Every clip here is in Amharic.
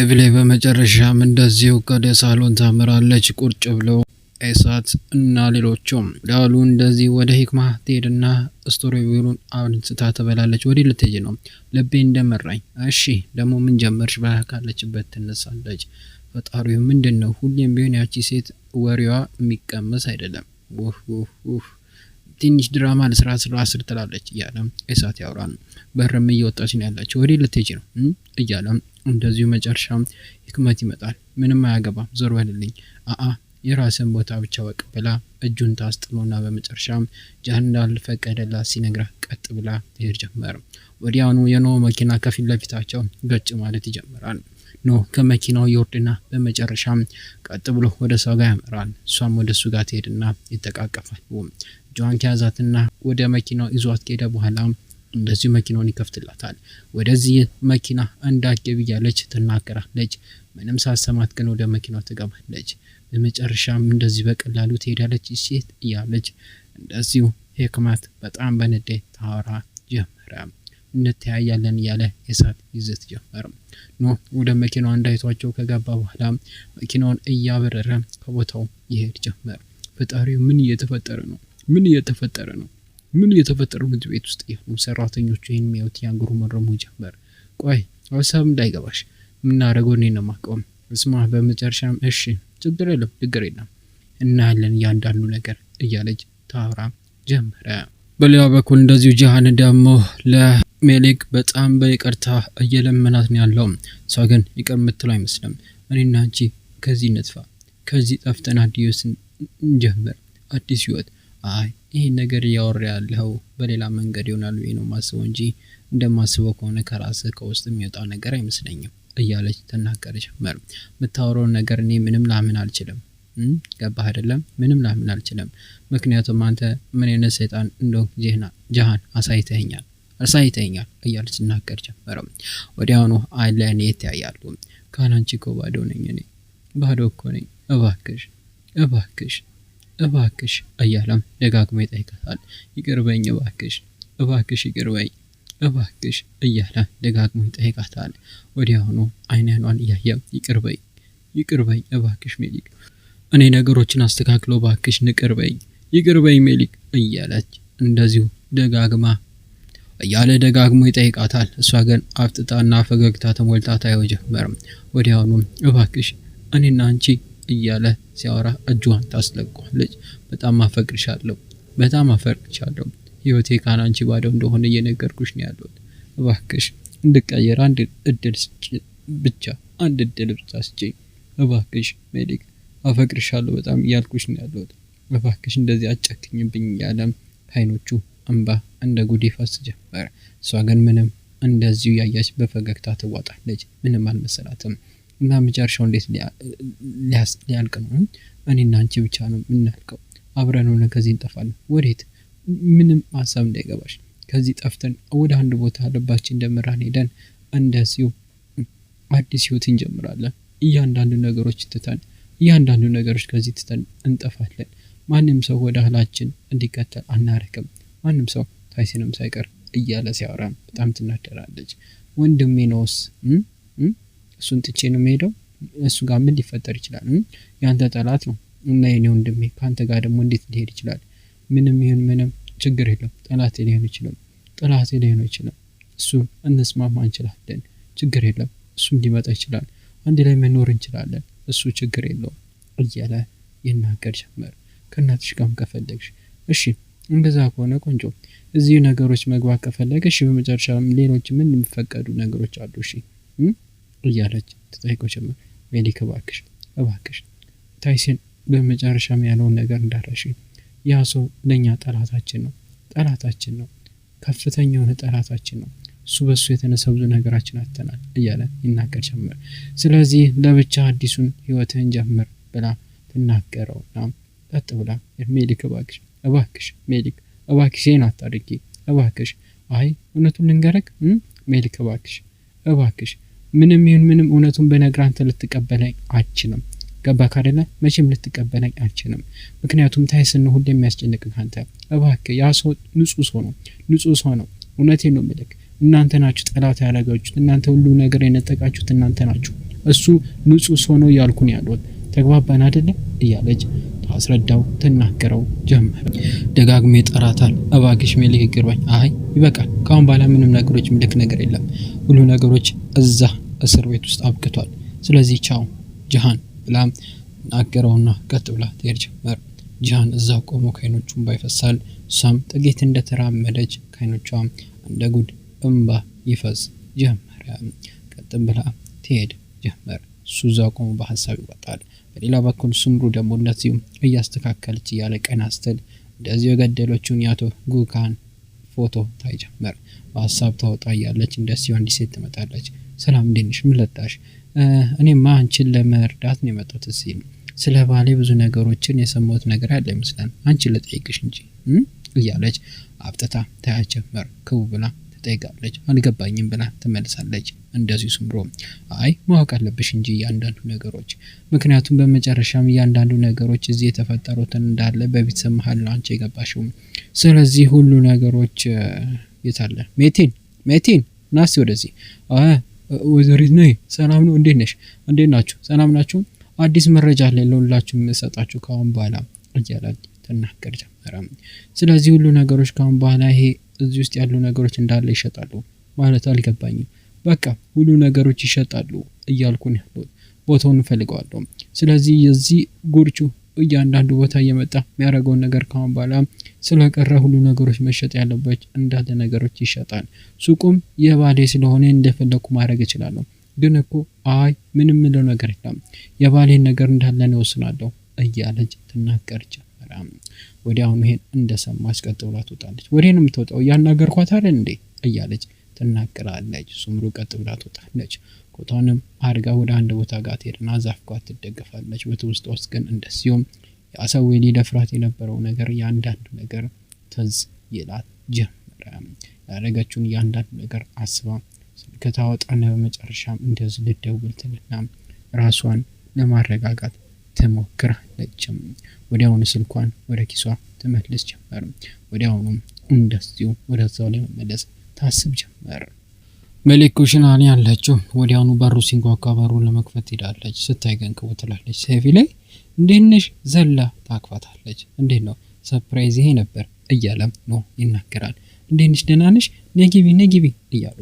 ኤቭሌ በመጨረሻም እንደዚሁ ወደ ሳሎን ታምራለች። ቁርጭ ብለው ኤሳት እና ሌሎቹም ዳሉ እንደዚህ ወደ ሂክማ ትሄድና ስቶሪቪሩን አንስታ ትበላለች። ወዲህ ልትሄጂ ነው? ልቤ እንደመራኝ። እሺ ደግሞ ምን ጀመርሽ? ብላ ካለችበት ትነሳለች። ፈጣሪ ምንድን ነው ሁሌም ቢሆን ያቺ ሴት ወሬዋ የሚቀመስ አይደለም። ውህ ትንሽ ድራማ ለስራ ስራ አስር ትላለች እያለም ኤሳት ያወራል። በርም እየወጣች ነው ያለችው። ወዲህ ልትሄጂ ነው እያለም እንደዚሁ መጨረሻም ህክመት ይመጣል። ምንም አያገባም፣ ዞር በልልኝ አአ የራስን ቦታ ብቻ ወቅ ብላ እጁን ታስጥሎና በመጨረሻም ጃን እንዳልፈቀደላት ሲነግራ ቀጥ ብላ ትሄድ ጀመር። ወዲያውኑ የኖ መኪና ከፊት ለፊታቸው ገጭ ማለት ይጀምራል። ኖ ከመኪናው ይወርድና በመጨረሻም ቀጥ ብሎ ወደ ሰው ጋር ያመራል። እሷም ወደ እሱ ጋር ትሄድና ይተቃቀፋል እጇን ከያዛትና ወደ መኪናው ይዟት ከሄደ በኋላ እንደዚሁ መኪናውን ይከፍትላታል። ወደዚህ መኪና እንዳትገቢ እያለች ትናገራለች። ምንም ሳሰማት ግን ወደ መኪናው ትገባለች። በመጨረሻም እንደዚህ በቀላሉ ትሄዳለች ሴት እያለች እንደዚሁ ሂክመት በጣም በንዴ ታወራ ጀመረ። እንተያያለን እያለ የእሳት ይዘት ጀመረ። ኖ ወደ መኪናው እንዳይቷቸው ከገባ በኋላ መኪናውን እያበረረ ከቦታው ይሄድ ጀመር። ፈጣሪው ምን እየተፈጠረ ነው? ምን እየተፈጠረ ነው? ምን የተፈጠረው ምግብ ቤት ውስጥ የሆኑ ሰራተኞቹ ይህን የሚያዩት መረሙ ጀመር። ቆይ ሀሳብ እንዳይገባሽ የምናደርገው እኔ ነው ማቆም። እስማ በመጨረሻም እሺ ችግር የለም ችግር የለም እናያለን እያንዳንዱ ነገር እያለች ታውራ ጀመረ። በሌላ በኩል እንደዚሁ ጂሃን ደግሞ ለሜሌክ በጣም በይቅርታ እየለመናት ነው ያለው። እሷ ግን ይቅር የምትለው አይመስልም። እኔና አንቺ ከዚህ ንጥፋ ከዚህ ጠፍተን አዲስ ጀምር አዲስ ህይወት አይ ይህን ነገር እያወራ ያለኸው በሌላ መንገድ ይሆናል ብዬ ነው ማስበው እንጂ እንደማስበው ከሆነ ከራስህ ከውስጥ የሚወጣው ነገር አይመስለኝም እያለች ትናገር ጀመር። የምታወራውን ነገር እኔ ምንም ላምን አልችልም። ገባህ አይደለም? ምንም ላምን አልችልም። ምክንያቱም አንተ ምን አይነት ሰይጣን እንደሆንክ ጃሃን አሳይተኛል አሳይተኛል እያለች ትናገር ጀመረ። ወዲያውኑ አለን የተያያሉ ካናንቺ እኮ ባዶ ነኝ እኔ ባዶ እኮ ነኝ። እባክሽ እባክሽ እባክሽ እያለም ደጋግሞ ይጠይቃታል። ይቅርበኝ እባክሽ፣ እባክሽ ይቅርበኝ፣ እባክሽ እያለ ደጋግሞ ይጠይቃታል። ወዲያውኑ አይን አይኗን እያየ ይቅርበኝ፣ ይቅርበኝ፣ እባክሽ ሜሊክ፣ እኔ ነገሮችን አስተካክሎ እባክሽ ንቅርበኝ፣ ይቅርበኝ ሜሊክ እያለች እንደዚሁ ደጋግማ እያለ ደጋግሞ ይጠይቃታል። እሷ ግን አፍጥጣና ፈገግታ ተሞልታ ታየው ጀመርም። ወዲያውኑም እባክሽ እኔና አንቺ እያለ ሲያወራ እጇን ታስለቋለች። በጣም አፈቅርሻለሁ፣ በጣም አፈቅርሻለሁ፣ ህይወቴ ካናንቺ ባዶ እንደሆነ እየነገርኩሽ ነው ያለሁት። እባክሽ እንድቀየር አንድ እድል ብቻ አንድ እድል ብቻ ስጪኝ እባክሽ ሜሊክ፣ አፈቅርሻለሁ በጣም እያልኩሽ ነው ያለሁት። እባክሽ እንደዚህ አጨክኝብኝ እያለም ከዓይኖቹ እንባ እንደ ጉድ ይፈስ ጀመረ። እሷ ግን ምንም እንደዚሁ ያያች በፈገግታ ትዋጣለች። ምንም አልመሰላትም። እና መጨረሻው እንዴት ሊያልቅ ነው? እኔና አንቺ ብቻ ነው የምናልቀው። አብረን ሆነ ከዚህ እንጠፋለን። ወዴት? ምንም ሀሳብ እንዳይገባሽ። ከዚህ ጠፍተን ወደ አንድ ቦታ ልባችን እንደምራን ሄደን እንደ ሲው አዲስ ህይወት እንጀምራለን። እያንዳንዱ ነገሮች ትተን እያንዳንዱ ነገሮች ከዚህ ትተን እንጠፋለን። ማንም ሰው ወደ እህላችን እንዲከተል አናረክም። ማንም ሰው ታይሲንም ሳይቀር እያለ ሲያወራም በጣም ትናደራለች። ወንድሜ ነውስ እሱን ጥቼ ነው የሚሄደው እሱ ጋር ምን ሊፈጠር ይችላል? ያንተ ጠላት ነው እና የኔ ወንድሜ ከአንተ ጋር ደግሞ እንዴት ሊሄድ ይችላል? ምንም ይሁን ምንም ችግር የለም። ጠላት ሊሆን ይችላል፣ ጠላት ሊሆን ይችላል። እሱ እንስማማ እንችላለን፣ ችግር የለም። እሱም ሊመጣ ይችላል፣ አንድ ላይ መኖር እንችላለን። እሱ ችግር የለውም እያለ ይናገር ጀመር። ከእናትሽ ጋም ከፈለግሽ እሺ፣ እንደዛ ከሆነ ቆንጆ እዚህ ነገሮች መግባት ከፈለገ እሺ። በመጨረሻ ሌሎች ምን የሚፈቀዱ ነገሮች አሉ? እሺ እያለች ትጠይቀው ጀመር። ሜሊክ እባክሽ እባክሽ ታይሴን በመጨረሻም ያለውን ነገር እንዳረሽ ያ ሰው ለእኛ ጠላታችን ነው፣ ጠላታችን ነው፣ ከፍተኛ የሆነ ጠላታችን ነው። እሱ በእሱ የተነሳ ብዙ ነገራችን አተናል እያለ ይናገር ጀመር። ስለዚህ ለብቻ አዲሱን ህይወትህን ጀምር ብላ ትናገረው ና ጠጥ ብላ ሜሊክ እባክሽ እባክሽ ሜሊክ እባክሽ ይህን አታድርጊ እባክሽ። አይ እውነቱን ልንገረግ ሜሊክ እባክሽ እባክሽ ምንም ይሁን ምንም እውነቱን በነግር አንተ ልትቀበለኝ አችልም። ገባ ካደለ መቼም ልትቀበለኝ አችንም ምክንያቱም ታይስን ሁሉ የሚያስጨንቅ አንተ። እባክ ያ ሰው ንጹህ ሰው ነው፣ ንጹህ ሰው ነው። እውነቴን ነው ምልክ እናንተ ናችሁ ጠላት ያደረጋችሁት፣ እናንተ ሁሉ ነገር የነጠቃችሁት እናንተ ናችሁ። እሱ ንጹህ ሰው ነው ያልኩን ያሉት ተግባባን አደለ እያለች አስረዳው ትናገረው ጀመር። ደጋግሜ ይጠራታል። እባክሽ ሜሊክ ይቅርበኝ። አይ ይበቃል። ከአሁን በኋላ ምንም ነገሮች ምልክ ነገር የለም። ሁሉ ነገሮች እዛ እስር ቤት ውስጥ አብቅቷል። ስለዚህ ቻው ጃሃን ብላም ናገረውና ቀጥ ብላ ትሄድ ጀመር። ጃሃን እዛው ቆሞ ከአይኖቹም ባይፈሳል፣ እሷም ጥቂት እንደተራመደች ከአይኖቿም እንደ ጉድ እምባ ይፈስ ጀመረ። ቀጥ ብላ ትሄድ ጀመር። እሱ እዛው ቆሞ በሀሳብ ይወጣል። በሌላ በኩል ስምሩ ደግሞ እንደዚሁ እያስተካከለች እያለ ቀን አስተል እንደዚሁ የገደሎችውን የአቶ ጉካን ፎቶ ታይ ጀመር። በሀሳብ ታወጣ እያለች እንደዚሁ አንዲት ሴት ትመጣለች። ሰላም እንዴት ምለጣሽ ምን ለጣሽ? እኔማ አንቺን ለመርዳት ነው የመጡት ሲል ስለ ባሌ ብዙ ነገሮችን የሰማሁት ነገር ያለ ይመስላል አንቺን ለጠይቅሽ እንጂ እያለች አብጥታ ታያ ጀመር ክቡ ብላ ትጠይቃለች። አልገባኝም ብላ ትመልሳለች። እንደዚሁ ስምሮ አይ ማወቅ አለብሽ እንጂ እያንዳንዱ ነገሮች፣ ምክንያቱም በመጨረሻም እያንዳንዱ ነገሮች እዚህ የተፈጠሩትን እንዳለ በቤተሰብ መሀል ነው አንቺ የገባሽው። ስለዚህ ሁሉ ነገሮች የታለ ሜቴን ሜቴን ናስ ወደዚህ ወይዘሪት ነይ። ሰላም ነው? እንዴት ነሽ? እንዴት ናችሁ? ሰላም ናችሁ? አዲስ መረጃ ላይ ለሁላችሁ የምሰጣችሁ ከአሁን በኋላ እያላች ትናገር ጀመረ። ስለዚህ ሁሉ ነገሮች ከአሁን በኋላ ይሄ እዚህ ውስጥ ያሉ ነገሮች እንዳለ ይሸጣሉ ማለት አልገባኝም። በቃ ሁሉ ነገሮች ይሸጣሉ እያልኩን ያሉት ቦታውን እንፈልገዋለሁ። ስለዚህ የዚህ ጉርቹ እያንዳንዱ ቦታ እየመጣ የሚያደረገውን ነገር ካሁን በኋላ ስለቀረ ሁሉ ነገሮች መሸጥ ያለበት እንዳለ ነገሮች ይሸጣል። ሱቁም የባሌ ስለሆነ እንደፈለግኩ ማድረግ እችላለሁ። ግን እኮ አይ ምንም ምለው ነገር የለም የባሌን ነገር እንዳለን ይወስናለሁ እያለች ትናገር ወዲያውኑ ይሄን እንደሰማች ቀጥ ብላ ትወጣለች። ወዴ ነው የምትወጣው? እያናገርኳት አይደል እንዴ እያለች ትናገራለች። ሱምሩ ቀጥ ብላ ትወጣለች። ኮታንም አድርጋ ወደ አንድ ቦታ ጋር ትሄድና ዛፍ ጋር ትደገፋለች። በትውስጥ ውስጥ ግን እንደ ሲሆን የአሰዌ ሊደፍራት የነበረው ነገር የአንዳንድ ነገር ትዝ ይላት ጀመረ። ያደረገችውን የአንዳንድ ነገር አስባ ስልክ ታወጣና በመጨረሻም እንደዚህ ልደውልትንና ራሷን ለማረጋጋት ተሞክራለችም። ወዲያውኑ ስልኳን ወደ ኪሷ ትመልስ ጀመር። ወዲያውኑም እንደዚሁ ወደዛው ላይ መመለስ ታስብ ጀመር። መሌክ ኩሽና ላይ ያለችው ወዲያውኑ በሩ ሲንኳኳ በሩን ለመክፈት ሄዳለች። ስታይ ገንክቡ ትላለች። ሰፊ ላይ እንዴት ዘላ ታክፋታለች። እንዴት ነው ሰፕራይዝ ይሄ ነበር እያለም ነው ይናገራል። እንዴት ነሽ ደህና ነሽ ነግቢ ነግቢ እያሉ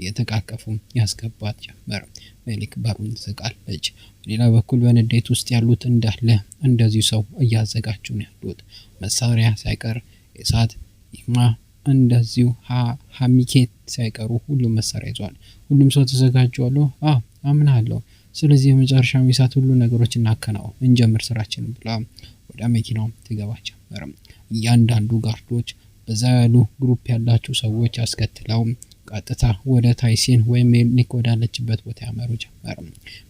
እየተቃቀፉ ያስገባት ጀመር። በልክባብ ተቃለች። በሌላ በኩል በንዴት ውስጥ ያሉት እንዳለ እንደዚሁ ሰው እያዘጋጁ ነው ያሉት። መሳሪያ ሳይቀር እሳት ኢማ እንደዚሁ ሀሚኬት ሳይቀሩ ሁሉም መሳሪያ ይዟል። ሁሉም ሰው ተዘጋጀዋለሁ አምናለሁ። ስለዚህ የመጨረሻ ሚሳት ሁሉ ነገሮች እናከናው እንጀምር ስራችን ብላ ወደ መኪናው ትገባ ጀመርም። እያንዳንዱ ጋርዶች በዛ ያሉ ግሩፕ ያላቸው ሰዎች አስከትለው ቀጥታ ወደ ታይሲን ወይም ሜልኒክ ወዳለችበት ቦታ ያመሩ ጀመር።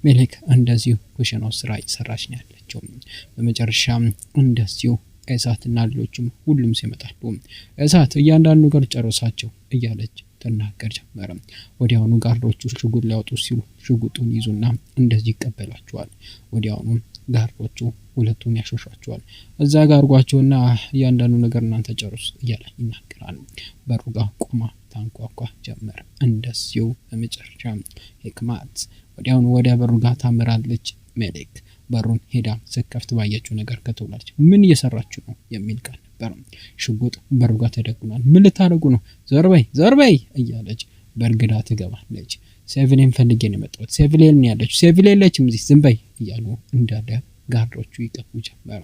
ሜሊክ እንደዚሁ ኩሽኖ ስራ እየሰራች ነው ያለችው። በመጨረሻ እንደዚሁ እሳትና ሌሎችም ሁሉም ሲመጣሉ እሳት እያንዳንዱ ነገር ጨረሳቸው እያለች ትናገር ጀመረ። ወዲያውኑ ጋርዶቹ ሽጉጥ ሊያወጡ ሲሉ ሽጉጡን ይዙና እንደዚህ ይቀበላቸዋል ወዲያውኑ ጋርዶቹ ሁለቱን ያሾሻቸዋል። እዛ ጋርጓቸውና እያንዳንዱ ነገር እናንተ ጨርሱ እያለ ይናገራል። በሩጋ ቆማ ታንቋቋ ጀመር። እንደዚሁ በመጨረሻም ሄክማት ወዲያውኑ ወዲያ በሩ ጋር ታምራለች። ሜሌክ በሩን ሄዳ ስከፍት ባየችው ነገር ከተውላች ምን እየሰራችሁ ነው የሚል ቃል ነበር። ሽጉጥ በሩ ጋር ተደግኗል። ምን ልታደረጉ ነው? ዘርበይ ዘርበይ እያለች በእርግዳ ትገባለች። ሴቪሌን ፈልጌ ነው የመጣሁት ሴቪሌን ያለች ሴቪሌ የለችም እዚህ ዝም እያሉ እንዳለ ጋርዶቹ ይጠፉ ጀመር።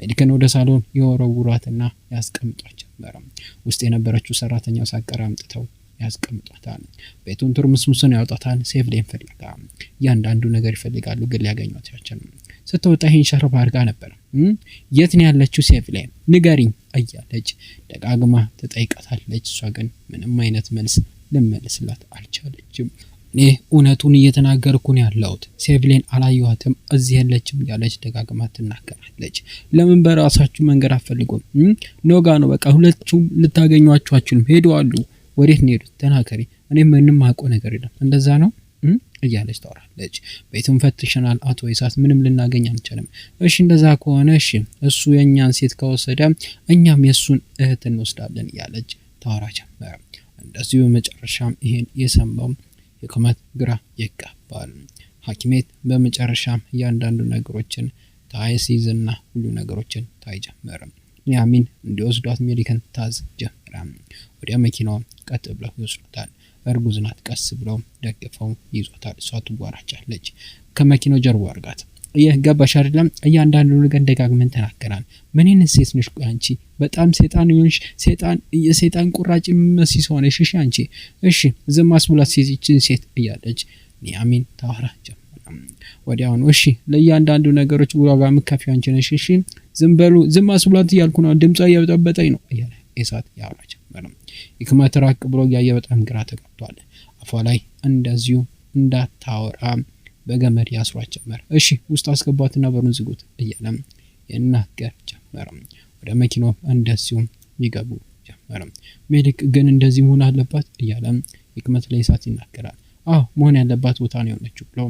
ሜዲክን ወደ ሳሎን የወረውሯትና ያስቀምጧት ጀመር። ውስጥ የነበረችው ሰራተኛው ሳቀር አምጥተው ያስቀምጧታል። ቤቱን ትርምስምሱን ያውጣታል። ሴፍ ሌን ፍለጋ እያንዳንዱ ነገር ይፈልጋሉ፣ ግን ሊያገኟት ያችል ስትወጣ ይህን ሸርብ አድርጋ ነበር። የት ነው ያለችው ሴፍ ንገሪኝ እያለች ደጋግማ ትጠይቃታለች። እሷ ግን ምንም አይነት መልስ ልመልስላት አልቻለችም። እኔ እውነቱን እየተናገርኩ ነው ያለሁት። ሴቪሌን አላየኋትም፣ እዚህ የለችም እያለች ደጋግማ ትናገራለች። ለምን በራሳችሁ መንገድ አፈልጎም ኖጋ ነው በቃ ሁለቱም ልታገኟችሁ አችሉም። አሉ። ወዴት ነው ሄዱት? ተናገሪ። እኔ ምንም አቆ ነገር የለም። እንደዛ ነው እያለች ታወራለች። ቤቱን ፈትሸናል አቶ ይሳት፣ ምንም ልናገኝ አንችልም። እሺ እንደዛ ከሆነ እሺ፣ እሱ የእኛን ሴት ከወሰደ እኛም የእሱን እህት እንወስዳለን እያለች ታወራ ጀመረ። እንደዚሁ መጨረሻም ይሄን የሰማው የቁመት ግራ ይቀባል። ሐኪሜት በመጨረሻም እያንዳንዱ ነገሮችን ታይ ሲይዝና ሁሉ ነገሮችን ታይ ያሚን እንዲወስዱት እንዲወስዷት ታዝ ጀመረ። ወደ መኪናው ቀጥ ብለው ይወስዱታል። እርጉዝ ናት። ቀስ ብለው ደግፈው ይዞታል። እሷ ትጓራጫለች ከመኪናው ጀርባ አርጋት ገባሽ አይደለም? እያንዳንዱ ነገር ደጋግመን ተናገራል። ምን አይነት ሴት ነሽ? አንቺ በጣም ሴጣን ሆንሽ። ሴጣን የሴጣን ቁራጭ መሲ ሆነሽ። እሺ አንቺ እሺ ዝም አስብላት ሴቶችን ሴት እያለች ኒያሚን ታወራ ጀመር። ወዲያውኑ እሺ ለእያንዳንዱ ነገሮች ዋጋ የምትከፍይው አንቺ ነሽ። እሺ ዝም በሉ ዝም አስብላት እያልኩ ነው፣ ድምጿ እያበጠበጠኝ ነው እያለ ኢሳት ያወራ ጀመር። ሂክመት ራቅ ብሎ እያየ በጣም ግራ ተቀብቷል። አፏ ላይ እንደዚሁ እንዳታወራ በገመድ ያስሯት ጀመር። እሺ ውስጥ አስገቧትና በሩን ዝጉት እያለም ይናገር ጀመር። ወደ መኪናው እንደዚሁም ይገቡ ጀመር። ሜሊክ ግን እንደዚህ መሆን አለባት እያለም ህክመት ላይ እሳት ይናገራል። አዎ መሆን ያለባት ቦታ ነው የሆነችው ብሎ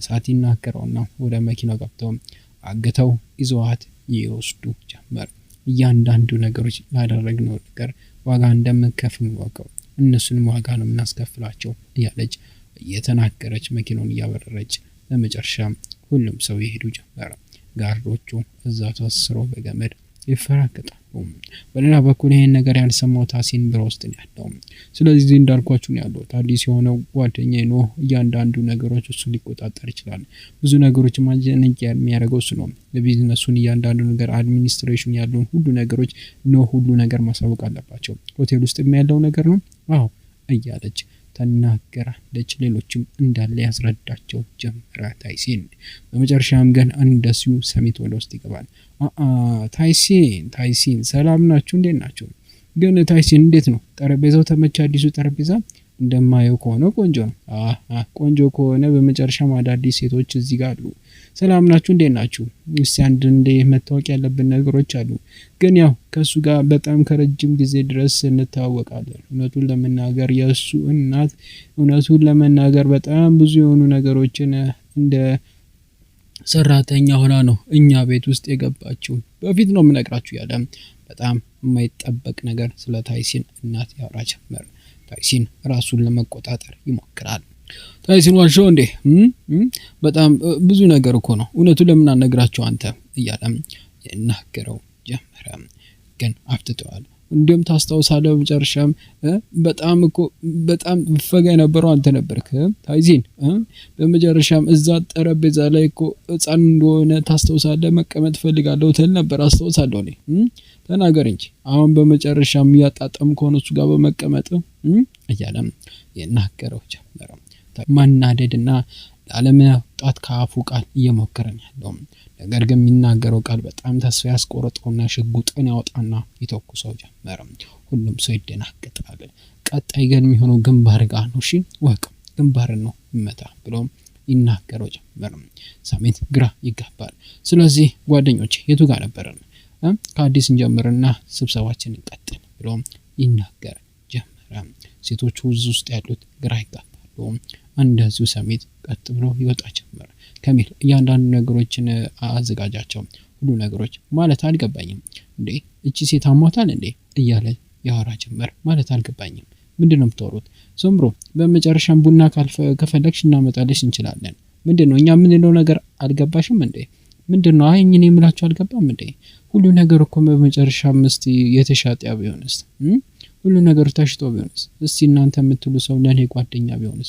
እሳት ይናገረውና ወደ መኪናው ገብተው አግተው ይዘዋት ይወስዱ ጀመር። እያንዳንዱ ነገሮች ላደረግነው ነገር ዋጋ እንደምንከፍል ወቀው እነሱንም ዋጋ ነው የምናስከፍላቸው እያለች እየተናገረች መኪናውን እያበረረች በመጨረሻ ሁሉም ሰው ይሄዱ ጀመረ። ጋርዶቹ እዛ ታስሮ በገመድ ይፈራገጣሉ። በሌላ በኩል ይህን ነገር ያልሰማው ታሲን ብሮ ውስጥ ነው ያለው። ስለዚህ እንዳልኳችሁ ነው ያለው አዲስ የሆነው ጓደኛ ነው። እያንዳንዱ ነገሮች እሱ ሊቆጣጠር ይችላል። ብዙ ነገሮች ማጀነቅ የሚያደርገው እሱ ነው። ለቢዝነሱን እያንዳንዱ ነገር አድሚኒስትሬሽን ያለውን ሁሉ ነገሮች ነው ሁሉ ነገር ማሳወቅ አለባቸው። ሆቴል ውስጥ የሚያለው ነገር ነው አዎ እያለች ተናገራለች። ሌሎችም እንዳለ ያስረዳቸው ጀመረ ታይሲን። በመጨረሻም ግን እንደዚሁ ሰሚት ወደ ውስጥ ይገባል። ታይሲን ታይሲን፣ ሰላም ናችሁ? እንዴት ናቸው? ግን ታይሲን እንዴት ነው ጠረጴዛው? ተመቸ አዲሱ ጠረጴዛ? እንደማየው ከሆነ ቆንጆ ነው። ቆንጆ ከሆነ በመጨረሻም አዳዲስ ሴቶች እዚህ ጋር አሉ። ሰላም ናችሁ? እንዴት ናችሁ? እስቲ አንድ እንደ መታወቅ ያለብን ነገሮች አሉ። ግን ያው ከእሱ ጋር በጣም ከረጅም ጊዜ ድረስ እንተዋወቃለን። እውነቱን ለመናገር የእሱ እናት እውነቱን ለመናገር በጣም ብዙ የሆኑ ነገሮችን እንደ ሰራተኛ ሆና ነው እኛ ቤት ውስጥ የገባችው። በፊት ነው የምነግራችሁ ያለም በጣም የማይጠበቅ ነገር ስለ ታይሲን እናት ያውራ ጀመር። ታይሲን ራሱን ለመቆጣጠር ይሞክራል። ታይሲን ዋሾ እንዴ በጣም ብዙ ነገር እኮ ነው፣ እውነቱ ለምናነግራቸው አንተ እያለም ይናገረው ጀመረ። ግን አፍትተዋል። እንዲሁም ታስታውሳለ በመጨረሻም በጣም እኮ በጣም ፈጋ የነበረው አንተ ነበርክ ታይዚን። በመጨረሻም እዛ ጠረጴዛ ላይ እኮ ህፃን እንደሆነ ታስታውሳለ መቀመጥ ፈልጋለሁ ትል ነበር። አስታውሳለሁ እኔ ተናገር እንጂ አሁን በመጨረሻም እያጣጠም ከሆነ እሱ ጋር በመቀመጥ እያለም የናገረው ጀመረ። ማናደድ ማናደድና ላለመውጣት ከአፉ ቃል እየሞከረን ያለው ነገር ግን የሚናገረው ቃል በጣም ተስፋ ያስቆረጠውና ሽጉጥን ያወጣና ይተኩሰው ጀመረ። ሁሉም ሰው ይደናገጣል። ቀጣይ ገን የሚሆነው ግንባር ጋር ነው። ሺ ወቅ ግንባር ነው መታ ብሎም ይናገረው ጀመረ። ሳሜት ግራ ይጋባል። ስለዚህ ጓደኞች የቱ ጋር ነበረን? ከአዲስ እንጀምርና ስብሰባችን እንቀጥል ብሎም ይናገር ጀመረ። ሴቶቹ ውዝ ውስጥ ያሉት ግራ ይጋባሉ። እንደዚሁ ሰሜት ቀጥ ብሎ ይወጣ ጀመረ። ከሚል እያንዳንዱ ነገሮችን አዘጋጃቸው ሁሉ ነገሮች ማለት አልገባኝም። እንዴ እቺ ሴት አሟታል እንዴ እያለ ያወራ ጀመር። ማለት አልገባኝም። ምንድን ነው የምታወሩት? ዞምሮ በመጨረሻም ቡና ከፈለግሽ እናመጣለሽ እንችላለን። ምንድን ነው እኛ የምንለው ነገር አልገባሽም እንዴ? ምንድን ነው አይ የምላቸው አልገባም እንዴ? ሁሉ ነገር እኮ በመጨረሻ ምስት የተሻጥያ ቢሆንስ ሁሉ ነገር ተሽጦ ቢሆንስ? እስቲ እናንተ የምትሉ ሰው ለእኔ ጓደኛ ቢሆንስ?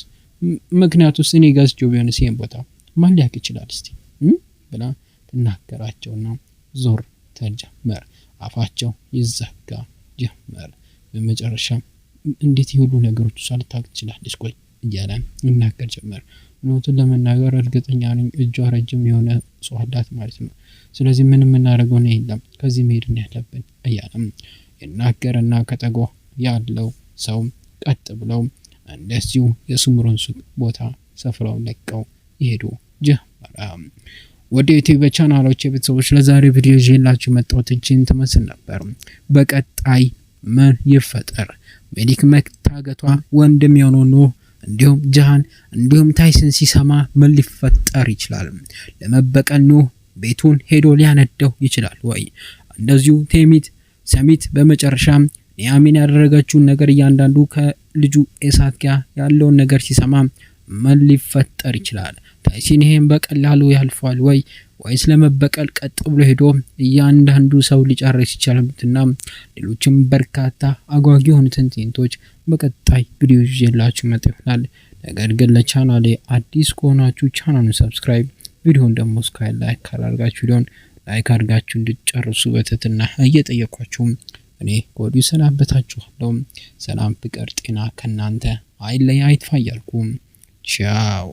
ምክንያቱ ውስጥ እኔ ገዝቼው ቢሆን ይሄን ቦታ ማን ሊያቅ ይችላል? እስቲ ብላ ትናገራቸውና ዞር ተጀመር። አፋቸው ይዘጋ ጀመር። በመጨረሻ እንዴት የሁሉ ነገሮች እሷ ልታውቅ ትችላለች? ቆይ እያለ ይናገር ጀመር። እውነቱን ለመናገር እርግጠኛ ነኝ እጇ ረጅም የሆነ ሰው ማለት ነው። ስለዚህ ምን የምናደርገው ነው የለም፣ ከዚህ መሄድ ያለብን እያለም ይናገርና ከጠጎ ያለው ሰው ቀጥ ብለውም እንደዚሁ ሱቅ ቦታ ሰፍረው ለቀው ይሄዱ ጀመረ። ወደ ዩቲዩብ ቻናሎች የቤተሰቦች ለዛሬ ቪዲዮ ይዤላችሁ መጣሁት እችን ትመስል ነበር። በቀጣይ ምን ይፈጠር? ሜሊክ መታገቷ ወንድም የሆነው ኖህ እንዲሁም ጃሃን እንዲሁም ታይሰን ሲሰማ ምን ሊፈጠር ይችላል? ለመበቀል ኖህ ቤቱን ሄዶ ሊያነደው ይችላል ወይ? እንደዚሁ ቴሚት ሰሚት በመጨረሻም ኒያሚን ያደረገችውን ነገር እያንዳንዱ ልጁ ኤሳኪያ ያለውን ነገር ሲሰማ ምን ሊፈጠር ይችላል? ታይሲን ይሄን በቀላሉ ያልፏል ወይ ወይስ ለመበቀል ቀጥ ብሎ ሄዶ እያንዳንዱ ሰው ሊጨርስ ይችላልና ሌሎችም በርካታ አጓጊ የሆኑትን ትዕይንቶች በቀጣይ ቪዲዮ ይዤላችሁ መጥ ይሆናል። ነገር ግን ለቻናሌ አዲስ ከሆናችሁ ቻናሉን ሰብስክራይብ፣ ቪዲዮን ደግሞ እስካይ ላይክ ካላርጋችሁ ሊሆን ላይክ አድርጋችሁ እንድትጨርሱ በትህትና እየጠየኳችሁም እኔ ከወዲሁ ሰናበታችኋለሁ። ሰላም፣ ፍቅር፣ ጤና ከእናንተ አይለይ አይጥፋ እያልኩም ቻው።